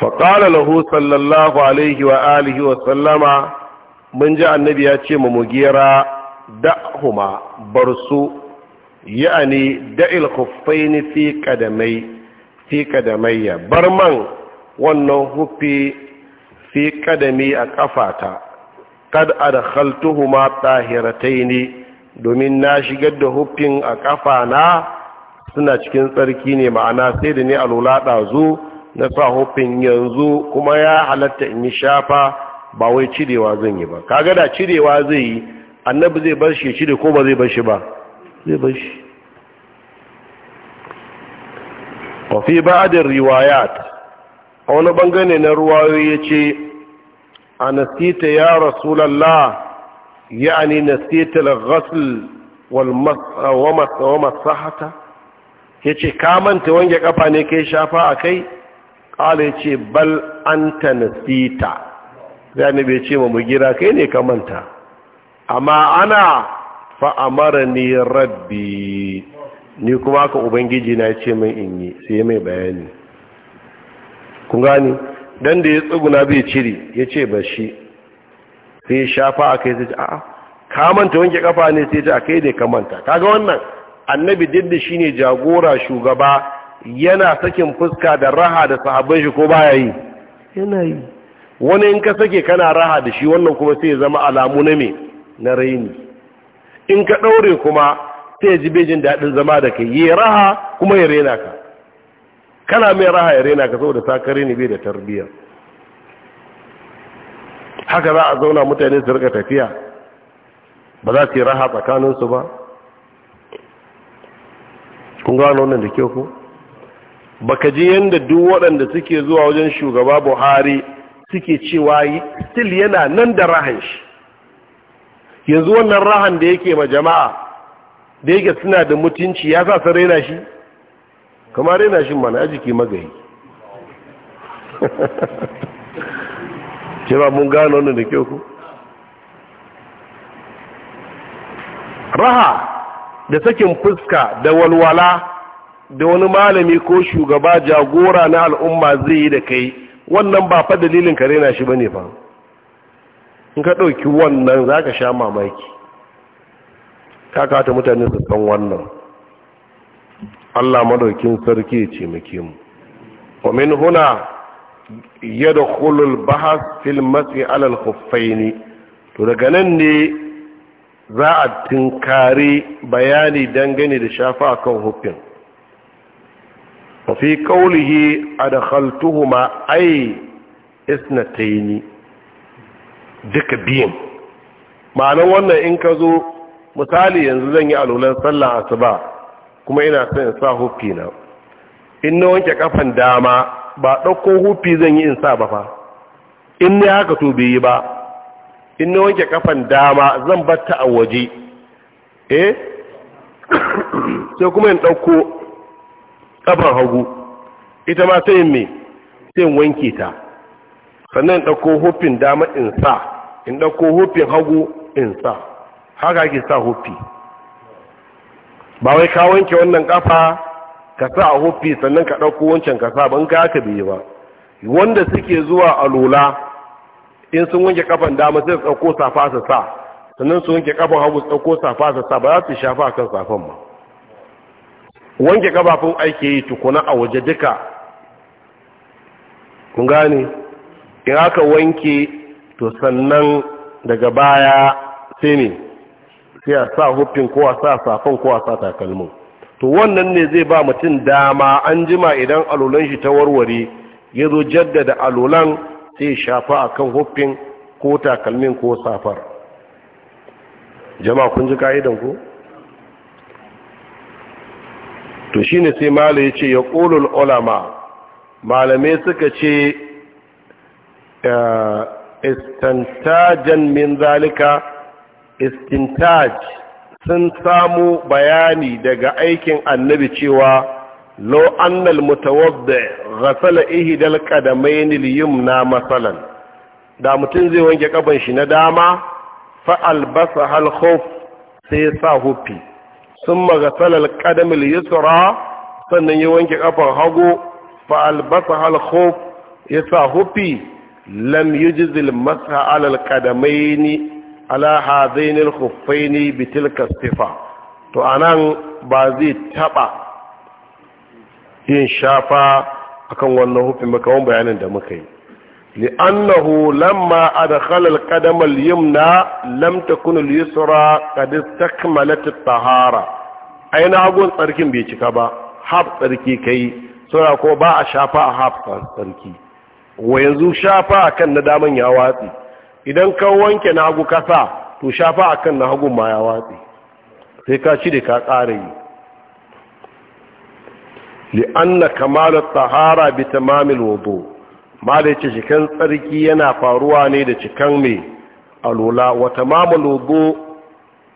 فقال له sallallahu alaihi wa واله wa من mun ji annabi ya ce ma mugera da'huma bar su ya'ani da'il khuffaini fi bar man wannan hufi fi kadami a kafata kad adkhaltuhuma tahirataini domin na shigar da hufin a ƙafa na suna cikin tsarki ne ma'ana sai da ni alula ɗazu na sa hufin yanzu kuma ya halatta in yi shafa ba wai cirewa zan yi ba kaga da cirewa zai yi annabi zai bar shi cire ko ba zai bar shi ba zai bar shi wa fi adin riwayat a wani bangare na ruwayoyi ya ce a nasita ya rasulallah ya'ani nasita al wa masahata ya ka manta wange kafa ne kai shafa a kai ƙala ya ce bal an ta nasita ya bai ce ma gira kai ne ka manta amma ana fa'amara ne rabbi ni kuma ka ubangiji na ce mai in yi sai mai bayani kun gani don da ya tsuguna bai ciri ya ce ba shi sai shafa a kai sai a'a ka manta wanke kafa ne sai ta a kai ne ka manta kaga wannan annabi didda ne jagora shugaba yana sakin fuska da raha da sahabban shi ko baya yi yana yi wani in ka sake kana raha da shi wannan kuma sai zama alamu na me na raini in ka ɗaure kuma sai ji bejin daɗin zama da kai yi raha kuma ya rena ka kana mai raha ya raina ka saboda sakare raini bai da tarbiyya haka za a zauna mutane su rika tafiya ba za su yi raha tsakaninsu ba kun gano wannan da kyau ko baka ji yadda duk waɗanda suke zuwa wajen shugaba buhari suke cewa still yana nan da rahan shi yanzu wannan rahan da yake ma jama'a da yake suna da mutunci ya sa su raina shi kamar raina shi mana ajiki magayi Cewa <laughs> mun gano wannan da kyau ku raha da sakin fuska da walwala da wani malami ko shugaba jagora na al'umma zai yi da kai wannan ba fa dalilin kare na shi bane fa in ka ɗauki wannan za ka sha mamaki Ka kata mutane su san wannan allah madaukin sarki ce muke mu huna, هنا يدخل fil mas'i ala al الخفين to daga nan ne za a tinkari bayani dangane da shafa akan hufin wa fi qawlihi adkhaltuhuma ay isnataini duka biyan ma'anar wannan in ka zo misali yanzu zan yi alulan sallah asuba kuma ina son in sa hufi na in na wanke kafan dama ba ɗauko hufi zan yi in sa ba fa in ne haka to bai yi ba in na wanke kafan dama zan batta a waje eh sai kuma in ɗauko ƙafar hagu ita ma sai me sai wanke ta sannan ɗauko hufin dama in sa in ɗauko hufin hagu in sa haka ake sa hufi ba wai ka wanke wannan ƙafa ka sa a hufi sannan ka ɗauko wancan ka sa ban ka haka biyu ba wanda suke zuwa a lola in sun wanke ƙafan dama sai su ɗauko safa su sa sannan su wanke ƙafan hagu su ɗauko safa su sa ba za su shafa kan safan ba wanke kafafun aiki yi tukuna a waje duka kun gane in aka wanke to sannan daga baya sai ne sai a sa hufin ko a sa safon ko a sa takalmin to wannan ne zai ba mutum dama an jima idan alulan shi ta warware ya zo jaddada alulan sai shafa a kan hufin ko takalmin ko safar jama'a kun ji ka'idan ku? to shi ne sai malu ya ce ya ƙolul ulama malamai suka ce eh, istantajen min zalika istintaj sun samu bayani daga aikin annabi cewa لو أن المتوضع da إهدى القدمين na مثلا da mutum zai wanke kafan shi na dama fa albasa har halkhuf sai sa hufi sun magasalar ƙadamil yusra sannan ya wanke ƙafar hagu fa'albasa halhof ya sa hufi lam yi jizil masa alal ƙadamaini ala hazainil hufaini bitilka stifa to a nan ba zai taɓa yin shafa akan wannan hufin makawan bayanin da muka yi لأنه لما أدخل القدم اليمنى لم تكن اليسرى قد استكملت الطهارة أين أقول تركين بيتك با حب تركي كي سورة كو با شافا حب تركي وينزو شافا كان نداما يواتي idan ka كان na كثا تو to كان نهجو ما يواتي ma ya watsi لأن كمال الطهارة بتمام الوضوء ba da ce cikin tsarki yana faruwa ne da cikin mai alula wata mamalubu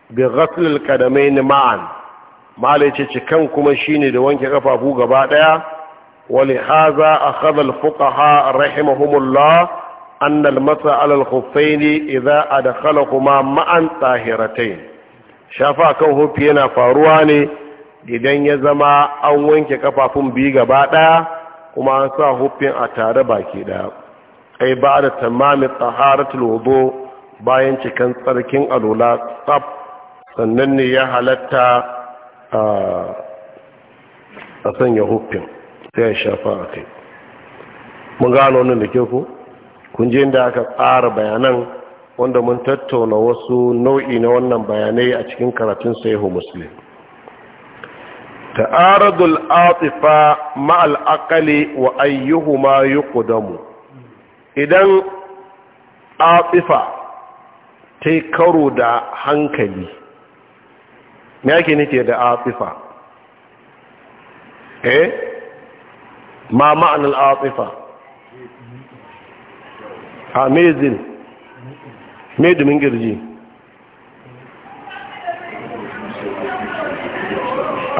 bi ghaslil qadamain ma'an malai ce cikin kuma shine da wanke kafafu gaba daya a haza akhadha al fuqaha rahimahumullah anna al masa ala al da idha adkhalahuma ma'an tahiratayn shafa kan hufi yana faruwa ne idan ya zama an wanke kafafun biyu gaba daya kuma an sa hufin a tare baki daya ai ba da tamamin taharatul wudu bayan cikin tsarkin alula tsaf sannan ne ya halatta a sanya hufin sai ya shafa a kai mun gano nan da ke ku kun je inda aka tsara bayanan wanda mun tattauna wasu nau'i na wannan bayanai a cikin karatun sahihu muslim ta'aradul atifa ma'al aqali wa ayyuhuma yuqdamu idan atifa ta karo da hankali me yake nake da atifa eh ma ma'anar atifa amazing me dumin girji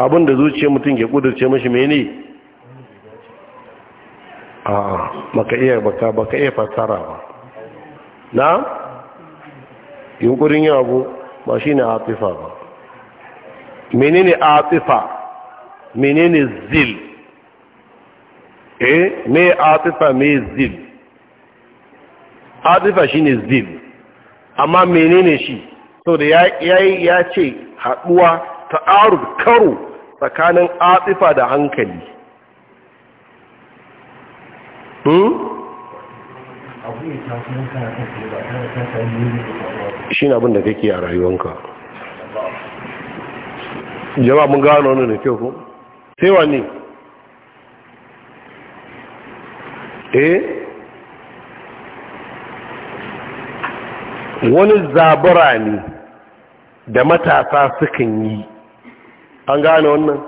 abin da zuciya mutum ke kudurce mashi mene a maka iya baka baka iya fassara ba na yunkurin yabo ba shi ne atifa ba menene atifa menene zil eh me atifa me zil atifa shi ne zil amma menene shi sau da ya ce haɗuwa ta'arud karo tsakanin atsifa da hankali hmm? shi na abinda kake a rayuwanka jama'a mun gano wani da kyau sai wani eh wani zabura ne da matasa sukan yi an gane wannan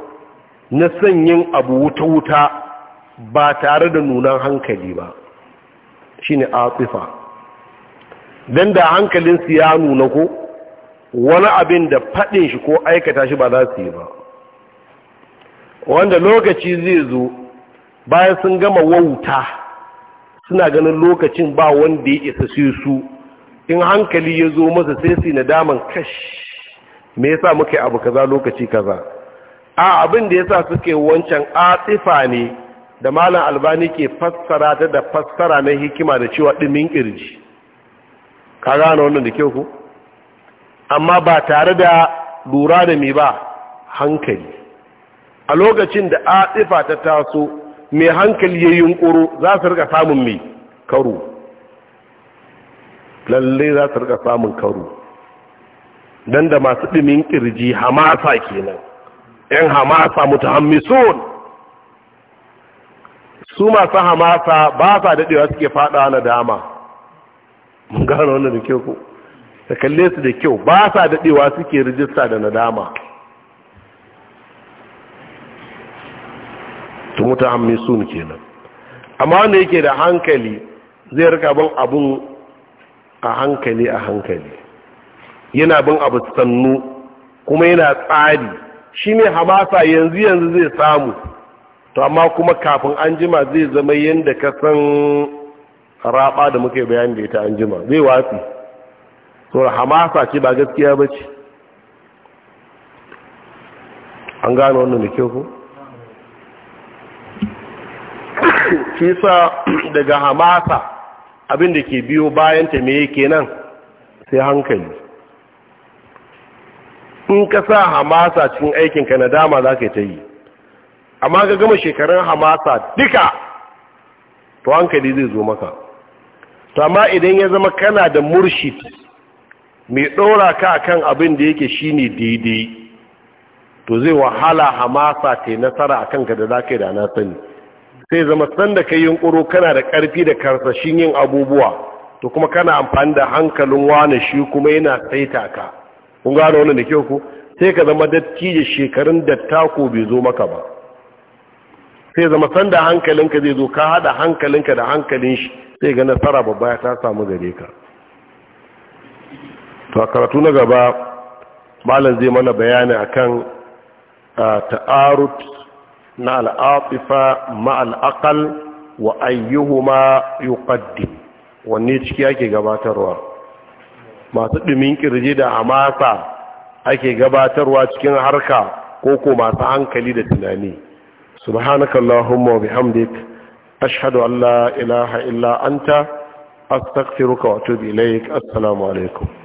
na sanyin abu wuta-wuta ba tare da nunan hankali ba shi ne atsifa don da hankalinsu ya nuna ko wani abin da faɗin shi ko aikata shi ba za su yi ba wanda lokaci zai zo bayan sun gama wauta suna ganin lokacin ba wanda ya isa su in hankali ya zo masa sai su na daman kashi me yasa muka abu kaza lokaci kaza a abin da yasa suke wancan atifa ne da malam albani ke fassara ta da fassara na hikima da cewa dimin kirji ka gane wannan da kyau ku amma ba tare da lura da me ba hankali a lokacin da atifa ta taso mai hankali ya yunkuru za su rika samun mai karo lalle za su rika samun karo dan da masu ɗumin ƙirji hamasa kenan ‘yan hamasa mutahammisun su masu hamasa ba sa daɗewa suke faɗa na dama mun gano wannan da kyau ko da kalle su da kyau ba sa daɗewa suke rijista da nadama tun mutahammisun kenan amma wanda yake da hankali zai rika bin abun a hankali a hankali yana bin abu sannu kuma yana tsari shi ne hamasa yanzu yanzu zai samu to amma kuma kafin an jima zai zama yadda ka san raba da muke bayan da ita an jima zai watsi saboda hamasa ce ba gaskiya ba ce an gano wannan da kyau ko? <coughs> shi sa daga hamasa abin da ke biyo bayanta me yake nan sai hankali in ka sa hamasa cikin aikinka na dama za ka ta yi amma ka gama shekarun hamasa duka to hankali zai zo maka to amma idan ya zama kana da murshid mai ɗora ka kan abin da yake shi ne daidai to zai wahala hamasa ta yi nasara a kanka da za ka yi da na sani sai zama sanda ka yi yunƙuro kana da ƙarfi da karsashin yin abubuwa to kuma kana amfani da hankalin wane shi kuma yana saita ka kun gano wannan da kyau ku? sai ka zama dattijo shekarun da tako bai zo maka ba sai zama sanda hankalinka zai zo ka haɗa hankalinka da hankalin shi sai ga nasara babba ya ta samu gare ka to karatu na gaba malam zai mana bayani akan ta'arut na al'afifa ma ayyuhu wa ayyuhuma yuqaddim wanne ciki yake gabatarwa masu ɗumin ƙirji da amasa ake gabatarwa cikin harka ko ko masu hankali da tunani subhanakallahumma wa bihamdik ashhadu an la ilaha illa anta astaghfiruka wa atubu ilaik assalamu alaikum